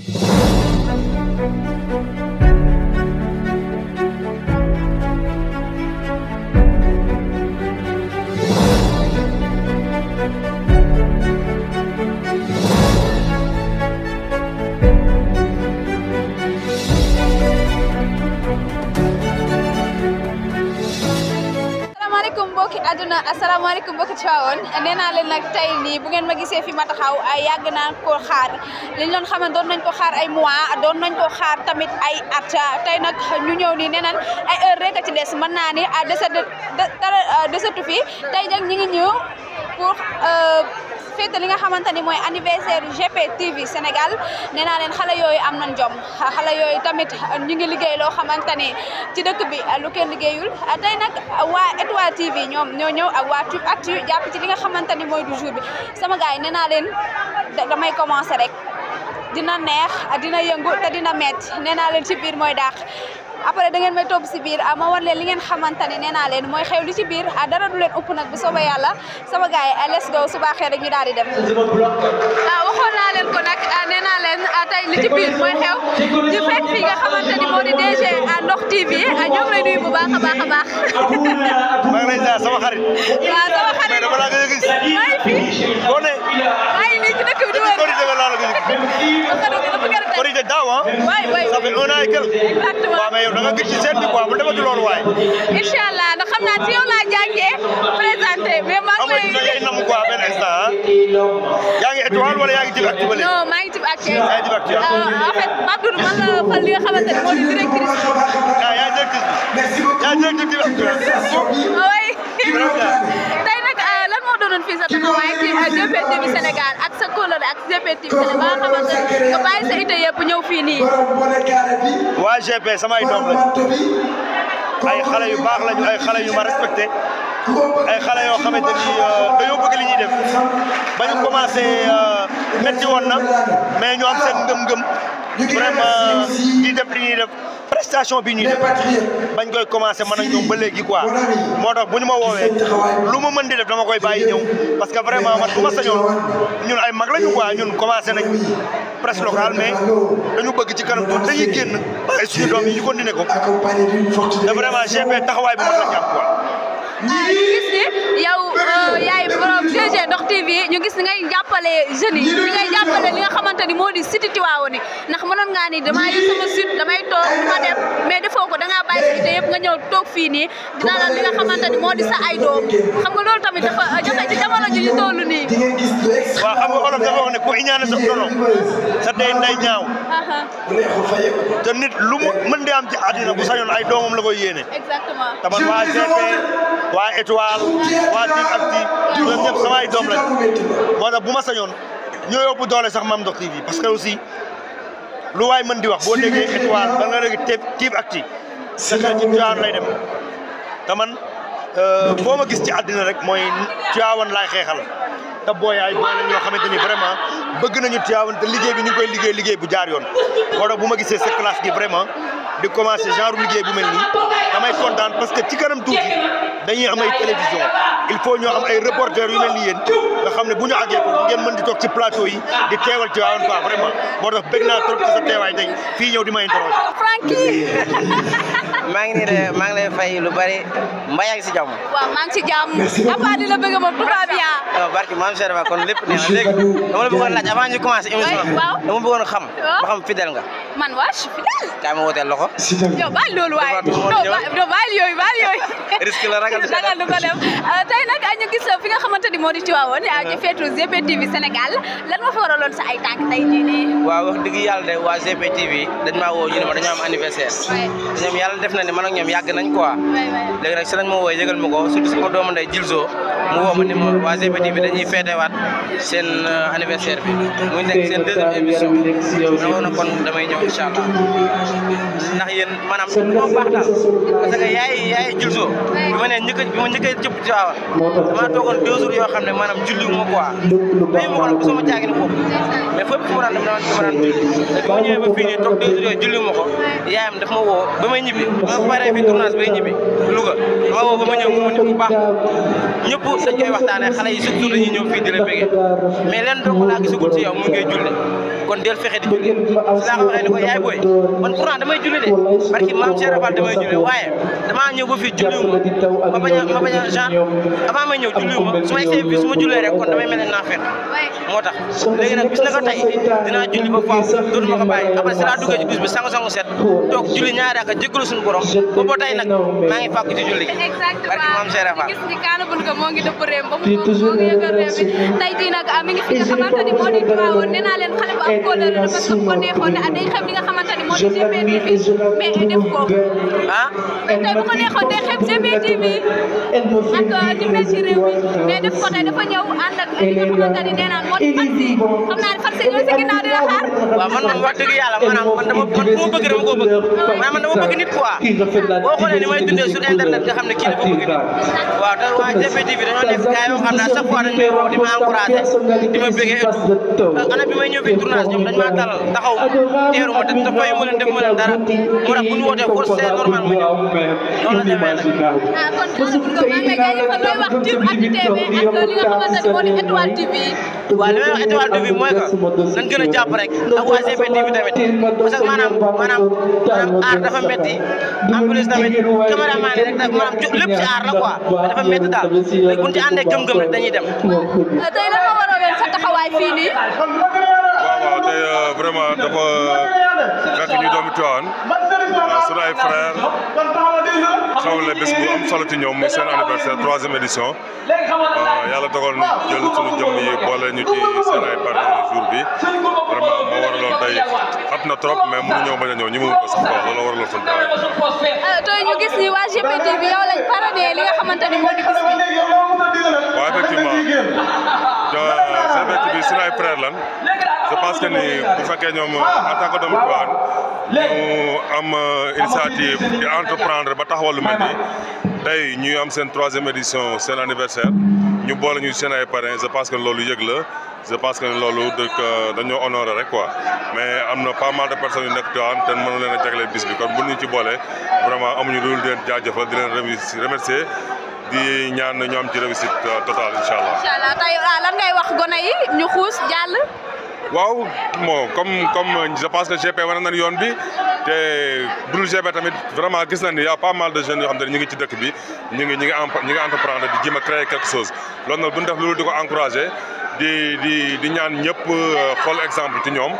Thank you. àdduna asalaamaaleykum mbokki Tivaouane nee naa leen nag tey nii bu ngeen ma gisee fi ma taxaw yàgg naa ko xaar liñ doon xaman doon nañ ko xaar ay mois doon nañ ko xaar tamit ay at tey nag ñu ñëw nii nee nañ ay heure rek a ci des mën naa ni ah, desat dara ah, desatu fi tey nag ñi ngi ñëw pour euh, féete li nga xamante ni mooy anniversaire GP TV Sénégal nee naa leen xale yooyu am nañ jom xale yooyu tamit ñu ngi liggéey loo xamante ni ci dëkk bi lu kenn liggéeyul tey nag waa TV ñoom ñoo ñëw ak waa Tube Actu jàpp ci li nga xamante ni mooy du jour bi sama gars yi nee naa leen damay commencer rek dina neex dina yëngu te dina metti nee naa leen ci biir mooy daax après da ngeen may topp si biir ah, ma war leen li ngeen xamante ne nee leen mooy xew li ci biir ah, dara du leen ëpp nag bu soobee yàlla sama gars yi ah, let's go su baaxee rek ñu daal di dem. ah waxoon naa leen ko nag nee naa leen tey li ci biir mooy xew ñu fekk fi nga xamante ni moo di DG Ndokh TV ñoo ngi lay nuyu bu baax a baax a baax. maa ngi sama xarit. dëkkal. exactement waaw mais yow da nga gis ci seen bi quoi bu defati loolu waaye. incha allah ndax xam naa ci yow laa jàngee présenté mais maa ngi lay. amatu na ngay nam quoi benn instant ah. yaa ngi étoile wala yaa ngi jëm activité. non maa ngi jëm activité. yaa ngi jëm activité ah. ah, en fait Pape Doudou man la fal li nga xamante ne moo di directrice bi. ah yaa ngi directrice bi. yaa ngi directrice bi. fi a taxawaay ci GPTV Sénégal ak sa kóllëre ak GPTV Sénégal ba nga xamante ne nga bàyyi sa ite yëpp ñëw fii nii. waa GP samay doom lañ ay xale yu baax lañu ay xale yu ma respecté ay xale yoo xamante ni euh, dañoo bëgg li ñuy def ba ñu commencé euh, metti woon na mais ñu am seen ngëm-ngëm vraiment euh, di def li ñuy def. prestation bi ñu bañ koy commencé mën a ñëw ba moo tax bu ñu ma woowee lu ma mën di def dama parce que vraiment man ma sañoon ñun ay mag lañu quoi ñun commencé nañ presse locale mais dañu bëgg ci kanam tuuti dañuy génn bàyyi suñu yi ñu continuer ko te vraiment GP taxawaay bi mën na jàpp Ah, ñu gis ni yow euh, yaay borom GG Ndox TV ñu gis ni ngay jàppale jeunes yi ñu ngay jàppale li nga xamante ni moo siti Tiwaawan ni ndax mënoon ngaa ni damaa yor sama site damay toog ma dem mais defoo ko da ngaa bàyyi nga ñëw toog fii nii dalal li nga xamante ni moo sa ay doom euh, ku iñaane sa dono sa day nday ñaaw. Uh-huh. te nit lu mu mën di am ci àddina bu sañoon ay doomam la koy yéene. exactement waa étoile waa Tic Actu ñoom ñëpp samay doom lañ moo tax bu ma sañoon ñoo yóbbu doole sax Mame Ndokh TV parce que aussi lu waay mën di wax boo déggee étoile ba nga léegi Tic Actu sa xel ci Tivaouane lay dem te man boo euh, ma gis ci àddina rek mooy Tivaouane laay xeexal te booyaay booy la ñoo xamante ni vraiment bëgg nañu Tivaouane te liggéey bi ñu ngi koy liggéey liggéey bu jaar yoon moo tax bu ma gisee sa classe gi vraiment di commencer genre liggéey bu mel nii damay kontaan parce que ci kanam tuuti dañuy am ay télévision il faut ñoo am ay reporters yu mel ni yéen nga xam ne bu ñu àggee ko ngeen mën di toog ci plateau yi di teewal ci waawoon quoi vraiment moo tax bëgg naa trop ci sa teewaay tey fii ñëw di may interroger. Francky. maa ngi nii de maa ngi lay fay lu bari mbaa yaa ngi si jàmm. waaw maa ngi si jàmm. Abba di la bëgg moom tout va bien. waaw barki maam Cheikh Ba kon lépp neex na léegi dama la bëggoon laaj avant ñu commencé émission bi dama bëggoon xam. ba xam fidèle nga. man waa je suis fidèle. kaay ma wooteel loxo. yow baal loolu waaye non baal yooyu baal yooyu. risque la ragal du ko def euh, tey nag ñu gis fi nga xamante ni moo di Tivaouane ñu feetu GP TV Sénégal lan ma fa waraloon sa ay tànk tey jii nii. waaw wax dëgg yàlla de waa GP TV dañ maa woo ñu ne ma dañoo am anniversaire. ñoom yàlla def na ni ñoom yàgg nañ quoi léegi si lañ ma wooy yëgal ma ko surtout sama doomu ndey Jilzo mu woo ma ni ma waa GP TV bi dañuy feetewaat seen euh, anniversaire bi muy nekk seen deuxième émission dama na kon damay ñëw incha allah ndax yéen maanaam moo baax daal parce que yaay yaay Jilzo bi ma nee njëkk bi ma njëkkee jëpp ci xam ne maanaam julli wu ma quoi mais ma ko nag gisuma caagin foofu mais ma ñibbi ba paree fi tournage bay ñibbi Louga ma woo ba ma ñëw mu nit ku baax ñëpp dañ koy waxtaanee xale yi surtout la bëggee mais leen dong julli kon del fexe di julli su laa a waxee ne ko yaay booy man a damay julli de barki maam Cheikh Rafal damay julli waaye damaa ñëw ba fii julliwuma ma bañ a ma bañ a genre avant may ñëw julliwuma su ma egsee fii su ma jullee rek kon damay mel ne naa fekk moo tax léegi nag bis na a tey dinaa julli ba faaw dootuma ko a après si laa duggee ci bis bi sangu sangu set toog julli ñaari a jéggalu suñu borom ba ba tey nag maa ngi fàkk ci julli gi maam Cheikh kóllëre dafa su ko neexoon day xam li nga xam je l'admire et je ah? ah, la trouve belle. Elle m'a dit comme elle me fait vivre elle est là elle est vivante waaw man moom wax dëgg yàlla maanaam man dama man fu ma bëgg dama koo bëgg ah maanaam man dama bëgg nit quoi boo xoolee ni may dundee sur internet nga xam ne kii dafa bëgg nit waaw te waa GP TV dañoo nekk gars yoo xam ne chaque fois dañ may woo di ma encouragé di ma bëggee et tout ana bi may ñëw bi tournage ñoom dañ maa dalal taxaw teeru ma te fay ma leen def ma leen dara moo tax bu ñu wootee force c'est normal mu ñëw noonu la demee nag. Ah, kon kàddu gi comme amee gars yi fan looy wax Tic Actu TV ak li nga xamante ne moo di Étoile TV. waaw li may wax Étoile TV mooy que nañ gën a jàpp rek ak waa GP TV tamit parce que maanaam maanaam maanaam aar dafa métti en plus tamit cameraman rek da maanaam lépp ci aar la quoi dafa métti daal léegi bu ñu ci gëm-gëm dañuy dem. tey lan moo waraloon sa taxawaay fii nii. waaw euh, vraiment dafa fekk ñu doomi Tiwaawan euh, sunu ay frère xawle am solo ci ñoom muy seen anniversaire troisième édition euh, yàlla dogal ñu jël sunu jëmm yi boole ñu ci seen ay partenaires jour bi vraiment moo waraloon tey xat trop mais mënuñoo bañ a ñëw ñu mu ko sax quoi waraloon sunu tawaay. ñu gis ni waa GP TV yow lañ parrainé li nga xamante ni moo di gis. je pense que ni bu fekkee ñoom en tant que doomu Tivaouane ñu am euh, initiative di entreprendre ba taxawal lu mel nii tey ñuy am seen troisième édition seen anniversaire ñu boole ñu seen ay parrains je que loolu yëg la je pense que loolu dañoo honoré rek quoi mais am na pas mal de personnes yu nekk Tivaouane te mënu leen a jagleel bis bi kon bu ñu ci boole vraiment amuñu lu dul di leen jaajëfal di leen remercier. di ñaan ñoom ci réussite euh, totale incha allah. incha ah, lan ngay wax waaw moo comme comme euh, je pense que GP wane nañ yoon bi te budul GP tamit vraiment gis nañ ni a pas mal de jeunes yoo xam ne ñu ci dëkk bi ñu ngi ñu ngi ñu ngi entreprendre di jéem a créer quelque chose loolu nag duñ def loolu di ko encourager. di ñaan ñëpp euh, xool exemple ci ñoom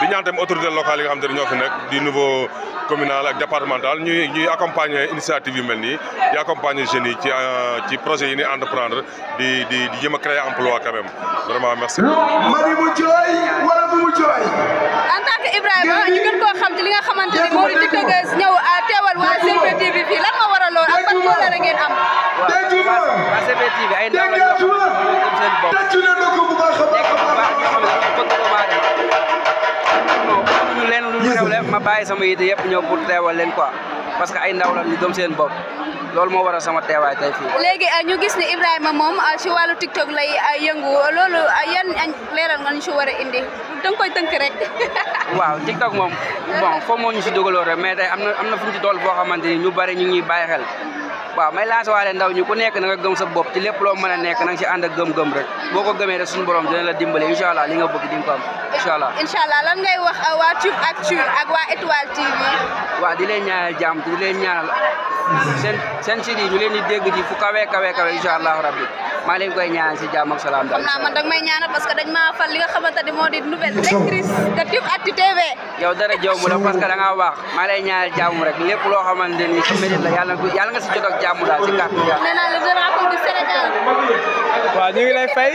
di ñaan tamit autorités local yi nga xam te ne ñoo fi nekk di niveau communal ak départemental ñuy ñuy accompagner initiative yu mel nii di accompagner jeunes yi ci euh, ci projet yi ni entreprendre di di di jëm a créer emploi quand vraiment merci. mari mu jooy wala bu mu jooy. tant que Ibrahima ñu ah, ay ndaw la leen lu rewle ma bàyyi sama yite yëpp ñëw pour teewal leen quoi parce que ay ndaw la ñu gëm seen bopp loolu moo waral sama teewaay tey fii. léegi ah, ñu gis ni Ibrahima moom ah, ci wàllu TikTok lay yëngu loolu yan leeral nga ñu si war indi da koy tënk rek. waaw TikTok moom bon foo moo ñu si dugaloo rek mais tey am na am na fu ñu tool boo xamante ni ñu bari ñu ngi bàyyi xel waaw may lancé waale ndaw ñi ku nekk na nga gëm sa bopp ci lépp loo mën a nekk na nga si ànd ak gëm-gëm rek boo ko gëmee rek suñu borom dina la dimbale incha allah li nga bëgg di nga ko am incha allah. incha allah lan ngay wax uh, waa Tube Actu ak waa Étoile TV. waaw di leen ñaanal jàmm di seen seen site yi ñu leen di fu kawe kawe kawe incha allahu rabbi maa leen si jàmm salaam daal. xam naa man dag may ñaanal parce que dañ maa fal li nga xamante ni moo di yow dara jaww mu la parce que da ngaa baax maa rek lépp loo xamante ni si mérite la yàlla yàlla nga si jot ak daal si kàttan yàlla. nee naa le drapeau du Sénégal. waaw ñu ngi lay fay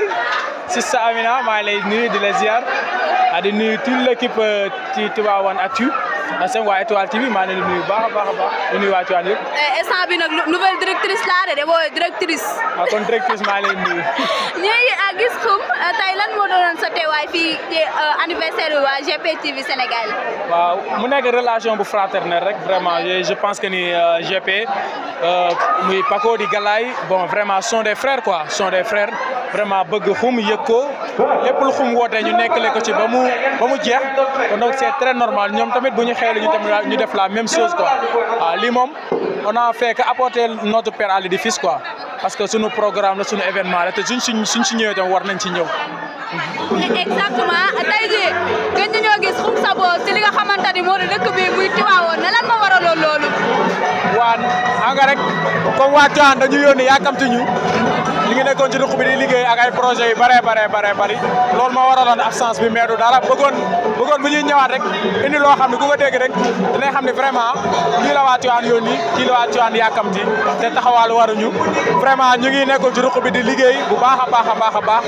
Sista Amina maa lay man seen waa Étoile TV maa ngi leen baax a baax a baax di nuyu waa Tivaouane yëpp. Eh, bi nag nouvelle directrice laa de booy directrice. ah directrice maa ngi leen di nuyu. ñu ngi ah, gis xum eh, tey lan moo doonoon eh, anniversaire waa GP TV Sénégal. waaw mu nekk relation bu fraternelle rek vraiment je pense que ni euh, GP euh, muy Paco di Galaye bon vraiment son des frères quoi son des frères vraiment bëgg xum yëg lépp lu xum wootee ñu nekkale ko ci ba mu ba mu jeex kon donc c'est très normal ñoom tamit bu ñu xewlee ñu tamit ñu def laa même chose quoi waaw ah, lii moom on a fait que apporter notre pierre à l'édifice quoi parce que suñu programme la suñu événement la te suñ suñ suñ si ñëwee tam war nañ ci ñëw. exactement tey jii gën nañoo gis xum sabo si li nga xamante moo di dëkk bi muy Tiwaawoon na lan ma waraloon loolu. waaw xam nga rek comme waa Tiwaawoon dañu yónni yaakamti ñu. ñu ngi nekkoon ci dëkk bi di liggéey ak ay projet yu bare bare bare bari loolu moo waraloon absence bi mais du dara bëggoon bu ñuy ñëwaat rek indi loo xam ne ku ko dégg rek dinañ xam ne vraiment kii la waa Tivaouane yónni kii la waa Tivaouane yàkkamti te taxawaalu waruñu vraiment ñu ngi nekkoon ci dëkk bi di liggéey bu baax a baax a baax a baax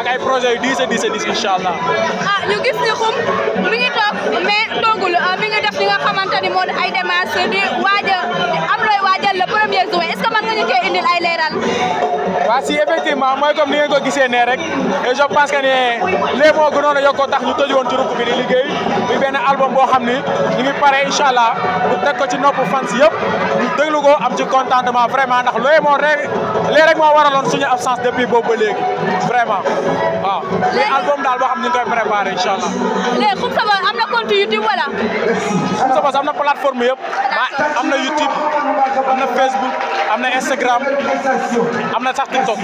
ak ay projet yu diis a diis a diis incha allah. a ah, ñu gis ne xum mi ngi toog mais toogul ah, mi ngi def li nga xamante ni moo a si effectivement mooy comme ni ngeen ko gisee nee rek et je pense que ne léegi moo gënoon a yokkoo tax ñu tëj woon ci rukk liggéey muy benn album boo xam ni ñu ngi pare incha allah teg ko ci nopp fans yëpp ñu déglu ko am ci contentement vraiment ndax looy moo rek lii rek moo waraloon suñu absence depuis boobu ba léegi vraiment waaw mais album daal boo xam ni ñu koy préparé incha am na compte YouTube wala. am na YouTube am na Facebook am na Instagram am na sax. topp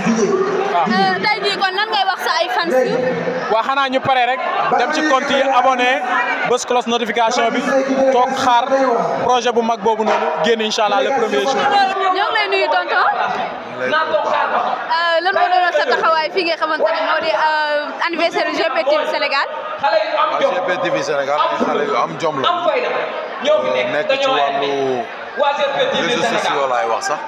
waaw. Euh, tey jii kon lan ngay wax sa ay fans yi. waa xanaa ñu pare rek dem ci compte yi abonné bës cloche notification bi toog xaar projet bu mag boobu noonu génn incha allah le premier jour. ñoo ngi lay nuyu tonton. Euh, lan moo doon sa taxawaay fii nga xamante ne moo di euh, anniversaire GP TV Sénégal. waaw GP TV Sénégal ay xale yu am jom la nekk ci wàllu réseaux sociaux laay wax sax.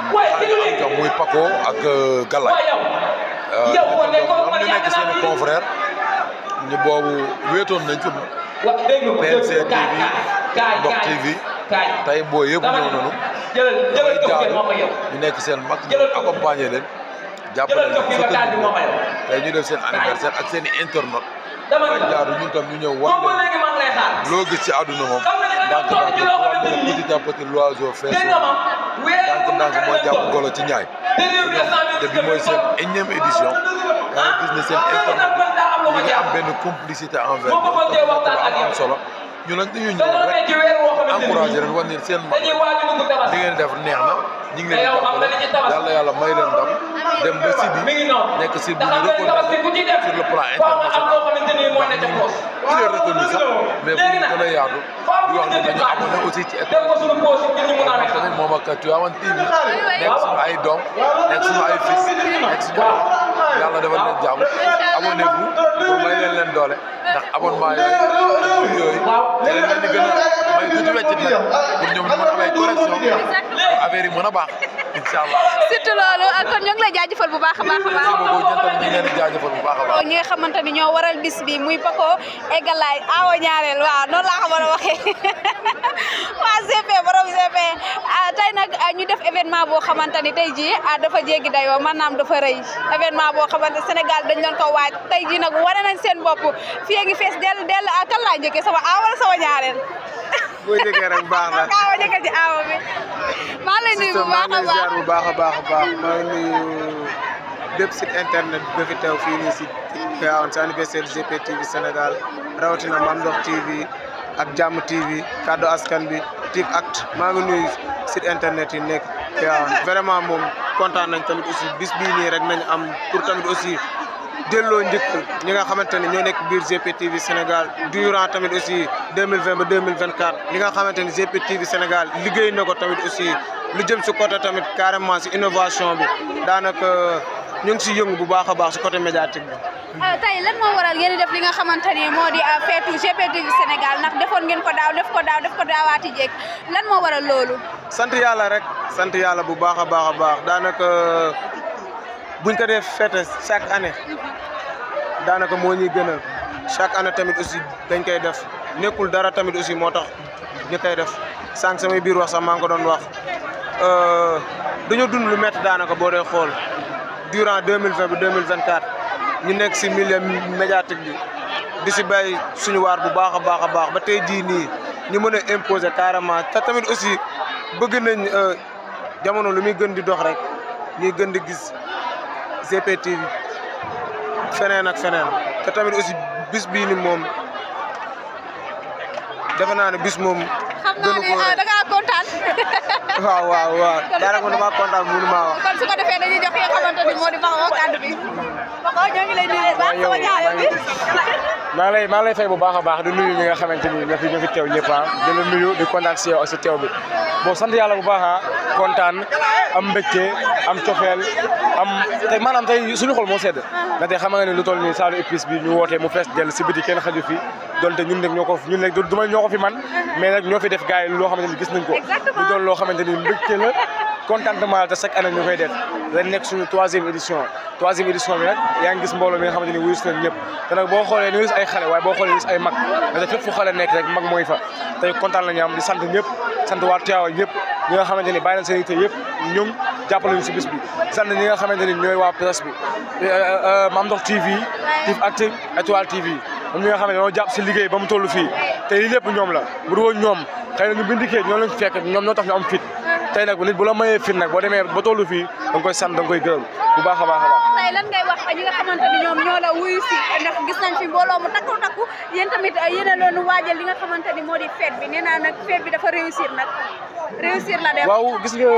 ak muy Paco ak euh, Galaye. Euh, ñoom ñu nekk seen i confrères boobu wéetoon nañ ci PNC TV Ndox TV tey yëpp ñëw nañu. nekk seen mag ñu accompagner leen. jàppale leen sotti ñu tey def seen anniversaire ak seen i internautes. ñu ñëw wan loo gis ci àdduna moom. daanaka daanaka petit l'oiseau fait ndànk ndànk moo jàpp golo ci ñaay te bi mooy seen énième édition da nga gis ne seen internet bi ñu ngi am benn complicité envers am am solo ñu nag dañuy ñëw rek encouragé leen wax ni seen mag li ngeen def neex na ñu ngi leen di jàppale yàlla yàlla may leen ndam dem ba Sibi nekk si bu ñu reconnu sur le plan international il est reconnu sax mais bu ñu gën a yaatu di wax ci état parce que moom ak Tivaouane TV nekk suñu ay doom nekk suñu ay fils nekk suñu ay yàlla defal leen jàmm abonné bu pour may leen leen doole ndax abonnement yooyu yooyu leen leen di gën a may a may correction affaire yi mën a baax incha allah a loolu ah, kon ñu ngi lay jaajëfal bu baax a baax a baax ñi nga xamante ni ñoo waral bis bi muy Paco Egalaay Awa ñaareel waaw noonu laa ko a waxee CP ah, tey nag ah, ñu def événement boo xamante ni tey jii ah, dafa jéggi dayoo maanaam dafa rëy événement boo xamante Sénégal dañ leen ko waaj tey jii nag wane nañ seen bopp fii ngi fees dell a kan laa njëkkee sama aaw wala sama ñaareel. boo njëkkee rek baax na waaw bi. lay nuyu bu baax a baax bu baax a baax a baax maa internet bi fi teew fii nii si Tivaouane sa anniversaire GP TV Sénégal rawatina Mame Ndokh TV ak Jàmm TV kaddu askan bi. Tic-Act maa ngi nuyu site internet yi nekk waaw vraiment moom kontaan nañ tamit aussi bis bii nii rek nañ am pour tamit aussi delloo njëkk ñi nga xamante ne ñoo nekk biir GPTV Sénégal durant tamit aussi 2020 ba 2024 li nga xamante ne GPTV Sénégal liggéey na ko tamit aussi lu jëm si côté tamit carrément si innovation bi daanaka. ñu ngi siy yëngu bu baax a baax si côté médiatique bi. Euh, tey lan moo waral ngeen def li nga xamante ni moo di euh, feetu GP du Sénégal ndax defoon ngeen ko daaw def ko daaw def ko daawaati jéeg lan moo waral loolu. sant yàlla rek sant yàlla bu baax a baax a baax daanaka buñ ko def fête chaque année daanaka moo ñuy gënal chaque année tamit aussi dañ koy def nekkul dara tamit aussi moo tax ñu kay def sant samay biir wax sax maa ngi ko doon wax euh, dañoo dund lu métti daanaka boo dee xool. durant deux mille vingt ba deux mille vingt quatre nekk si milieu médiatique bi di si bàyyi suñu waar bu baax a baax a baax ba tey jii nii ñu mën a imposer carrément te tamit aussi bëgg nañ euh, jamono lu muy gën di dox rek ñuy gën di gis GPTV feneen ak feneen te tamit aussi bis bii ni moom defe naa ne bis moom. naa ne ah, da ngaa kontaan. waaw waaw waaw daanaka maa wax. kon su defee dañuy jox ki nga xamante ni moo di Bakho kàddu bi Bakho ñoo ngi lay nuyu bu baax bi. maa ngi lay maa fay bu baax a baax di nuyu ñi nga xamante ni ñoo fi ñoo fi teew ñëpp ah nuyu di kontaan si teew bi bon sant yàlla bu baax ah kontaan am mbégte am cofeel am te maanaam tey suñu xol moo sedd na tey xam nga ne lu toll nii saalu épice bi ñu wootee mu fees dell si biti kenn xaju fi donte ñun nag ñoo ko ñun nag ñoo ko fi man mais nag ñoo fi def gars yi loo xamante ni gis nañ ko lu doon loo xamante ni mbégte la contentement te chaque année ñu koy def ren nekk suñu troisième édition troisième édition bi nag yaa ngi gis mbooloo mi nga xamante ni wuyu si leen ñëpp boo xoolee ñu gis ay xale waaye boo xoolee gis ay mag nga def fu xale nekk rek mag mooy fa tey kontaan la ñu am di sant ñëpp sant waa Tivaouane ñëpp ñi nga xamante ni bàyyi nañ seen i te yëpp ñoom si bis bi sant ñi nga xamante ni ñooy waa presse bi euh, euh, Mame Ndokh TV Tiv Actu Étoile TV ñoom ñi nga xam ne dañoo jàpp si liggéey ba mu toll fii te lii lépp ñoom la bu ñoom xëy na ñu bindikee ñoo leen fekk ñoom ñoo tax ñu am fit tey nag nit bu la mayee fit nag boo demee ba tollu fii da nga koy sant da nga koy gërëm bu baax a baax a baax tey lan ngay si ndax gis nañ nag fête bi dafa réussir nag réussir gis nga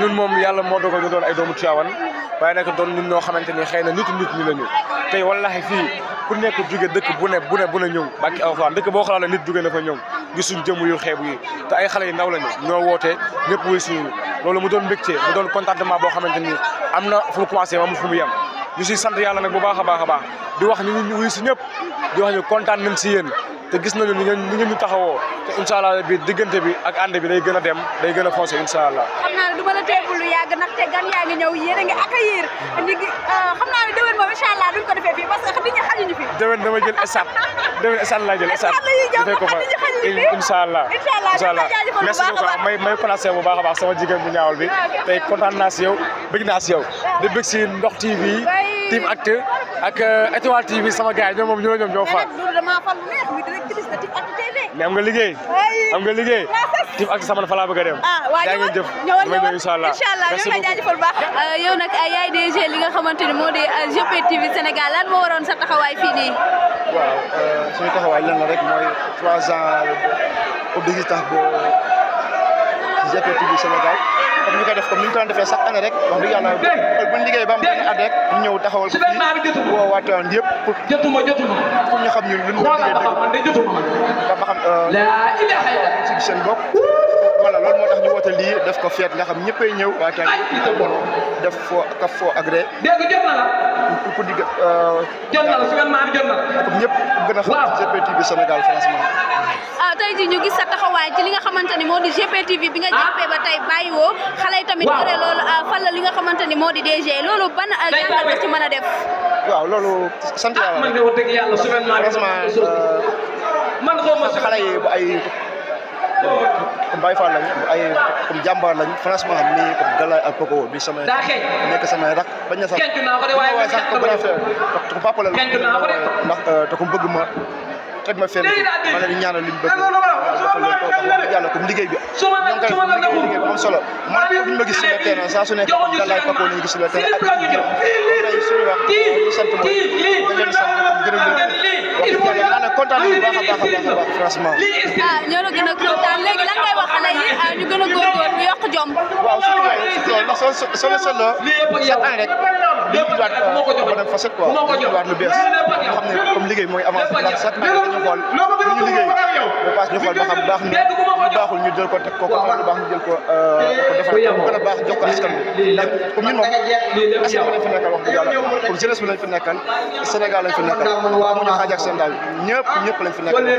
ñun moom yàlla moo dogal ñu doon ay doomu Tiwaawan waaye nag doon ñun ñoo xamante ni xëy na nitu nit ñi la ñu tey wallahi fii ku nekk jóge dëkk bu ne bu ne bu ne ñëw bàkki alxuraan dëkk boo xalaat nit jóge na fa ñëw gisuñ jëmm xeebu yi te ay xale yu ndaw lañu ñoo woote ñëpp wuy suñu loolu mu doon mbégte mu doon contentement boo xamante ni am na fu mu commencé ma mu fu mu yem ñu si sant yàlla nag bu baax a baax a di wax ñu wuy si ñëpp di wax ñu kontaan nañ si yéen te gis nañu ni ngeen ni ngeen ñu taxawoo te incha bi diggante bi ak ànd bi day gën a dem day gën a foncé incha xam naa ne du la teebul lu yàgg ndax te gan yaa ngi ñëw yéen ngi accueillir ñu euh, xam naa ne déwén moom incha allah duñ ko defee fii parce que nit ñi xajuñu fi. déwén dama jël esat déwén esat laa jël esat. dafay ko fa incha allah incha allah merci beaucoup may may placé bu baax baax sama jigéen bu ñaawal bi ah, tey kontaan naa si yow bëgg naa si yow ah. di bëgg si Ndokh TV Team Actu ak euh, Étoile sama gars moom ñoo mais am liggéey. am nga liggéey. tif ak sama fa laa bëgg a dem. ah waa ñëwal ñëwal ñëwal incha allah merci beaucoup jaajëfal baax. Euh, yow nag yaay DG li nga xamante ni moo di euh, GP TV Sénégal lan fii nii. waaw euh, suñu taxawaay lan la rek mooy trois ans objectif tax ba GP TV Sénégal. comme ñu ko def comme ni ñu ko daan defee chaque année rek wax dëgg yàlla bu ñu liggéey ba am benn at rek ñu ñëw taxawal ko fii woo waa Tivaouane yëpp pour jotuma jotuma pour ñu xam ñun lu ñu doon liggéey dëgg ba xam euh, ci seen bopp voilà loolu moo tax ñu woote lii def ko feet nga xam ñëppay ñëw waaye tamit ñëpp a bon def foo ka foo agré. dégg euh, jot na la. pour di. jot na la su ma jot gën a xam ci Sénégal franchement. Ah, tey jii ñu gis sa taxawaay ci li nga xamante ni moo di GP bi nga ah. jàppee ba tey bàyyiwoo. xale yi tamit yore loolu ah, fan la li nga xamante moo di DG loolu ban jàngat nga ci mën a def. waaw loolu sant euh, ma. xale yi ay. comme Baye Fall lañ ay comme jàmbaar lañ franchement nii comme Galaye ak Koko bi sama nekk samay rak bañ na sax waaye sax comme benn affaire euh, te papa bëgg ma xëj ma fenn ma leen di ñaanal luñ bëgg yàlla comme liggéey bi ñoom tamit liggéey liggéey bi am solo man buñ ma gis sur le terrain saa su nekk dalay pakoo lañu gis sur le terrain ak tey suñu wax ñu sant mooy di leen sant gërëm leen wax dëgg yàlla kontaan nañu baax a baax a baax franchement ñoo la gën a kontaan léegi lan ngay wax xale yi ñu gën a góorgóorlu ñu yokk jom waaw surtout loolu ndax soo soo seetloo chaque année rek dañuy waat beneen facette quoi dañuy waat lu bees xam ne comme liggéey mooy avancé chaque année ñu xool li ñu liggéey ba paas ñu xool ba xam baax na ñu baaxul ñu jël ko teg ko comme lu baax ñu jël ko euh, ko defal ko gën a baax jox ko askan Sénégal lañ fi nekkal amuñu xaaj ak seen daal ñëpp ñëpp lañ fi nekkal ñu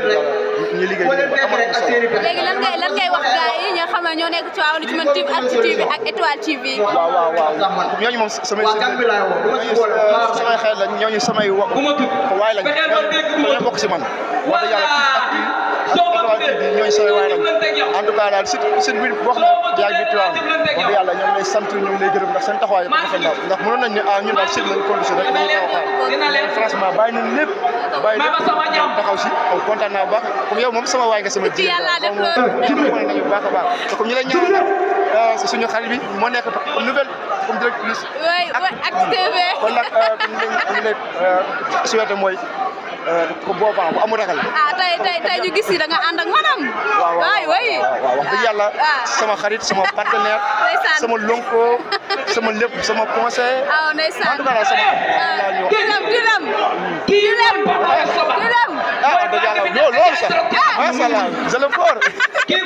liggéey liggéey ba amal ko solo léegi lan ngay lan ngay wax gars yi ñoo xam ne ñoo nekk ci waaw lu ci mën TV Actu TV ak Étoile TV waaw ñooñu samay wa waay lañ ñooñu bokk si man wax dëgg yàlla ak ñooñu samay waay lañ en tout cas daal si seen mbir boo xam ne jaay bi tuwaan wax dëgg yàlla ñoom lay sant ñoom lay gërëm ndax seen taxawaay dafa rafet daal ndax mënoon nañ ne ah ñun daal seen lañ condition rek dañuy taxaw xaar franchement bàyyi nañ lépp baax comme yow moom sama waay nga sama ji a ñu euh, xarit bi moo nekk nouvelle suñu directrice. waay waay ak TV. kon nag li ñu leen souhaité mooy euh, boobaa a amul ragal. ah tey tey tey nga ànd ak maanaam. waaw waaw waaw wax dëgg ah, yàlla. Ah. sama xarit sama partenaire. sama sama lépp sama conseil. aw ah, ndeysaan en sama. Euh, dilam dilam. dilam dilam. Ah, ah dëgg yàlla loolu sax. Ah. macha allah c'est le fort. kon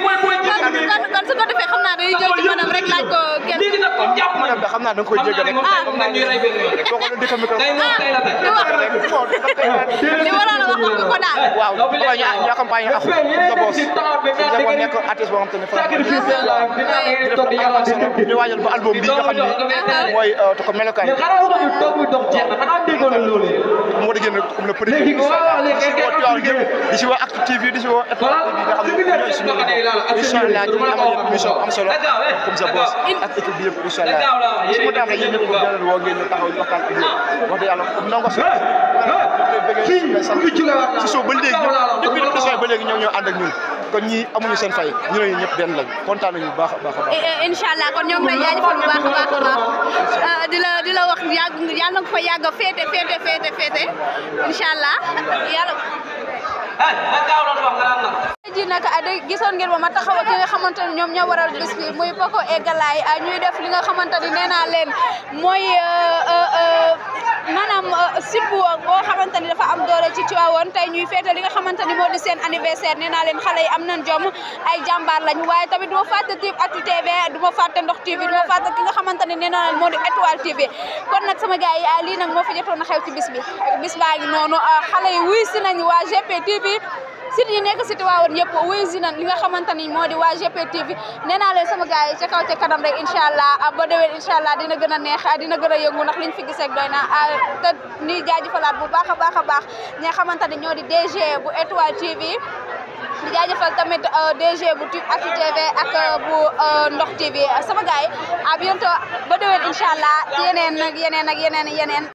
kon su ko defee xam naa day ñëw ci maanaam rek laaj ko kenn. maanaam da xam naa da nga koy jéggi rek. ah kooku la dëkk micro. li waroon a wax wax nga ko daal. waaw ñu accompagné ak sa boss. nekk artiste boo xam te ne faram. ñu waajal ba album bi nga xam ne mooy euh, ko melokaan yi. moo di génn comme le premier di si woo di si woo Actu TV di si woo FTV nga xam ne ñooy suñu incha allah ñu amal émission bu am solo comme ça boss eh. ak équipe bi yëpp incha allah su ma daanee yéen ñëpp di leen woo ngeen ñu taxaw ñu waxtaan ak ah. yéen wax dëgg yàlla nangu si si soo ba léegi ñoom depuis le ba léegi ñoom ñoo ànd ak ñun kon ñi amuñu seen fay ñu ne ñëpp benn lañu kontaan nañu bu baax a baax a baax. Eh, eh, incha kon ñoo ngi lay jaajëfal baax a baax a baax ah, di la di la wax yàgg yàlla na fa yàgg féete féete féete féete incha allah yàlla. ji nag ah, day gisoon ngeen ma ma taxaw ki nga xamante ñoom ñoo waral bis bi muy Paco et Galaye ah, ñuy def li nga xamante ni leen mooy euh, euh, maanaam euh, site bu boo xamante ni dafa am doole ci Tivaouane tey ñuy féete li nga xamante ni moo di seen anniversaire nee naa leen xale yi am nañ jom ay jàmbaar lañ waaye tamit du ma fàtte Tiv Actu TV du ma fàtte Ndox TV du ma fàtte ki nga xamante ni nee naa leen moo di Étoile TV kon nag sama gars yi ah, lii nag moo fi jotoon ci bis bi bis baa noonu xale yi waa GP TV site yi nekk si Tivaouane yëpp wuyu si nan li nga xamante ni moo di waa GPTV nee naa leen sama gars yi ca rek incha allah ah, ba déwén incha allah dina gën a neex ah, dina gën a yëngu ndax liñ fi gisee doy na ah, te ñuy jaajëfalaat bu baax a baax a baax ñi xamante ni ñoo di DG bu Étoile TV. di jaajëfal tamit euh, DG bu Tic Actu TV ak euh, bu euh, Ndox TV sama gars yi à ba déwén incha allah yeneen ak ak yeneen yeneen.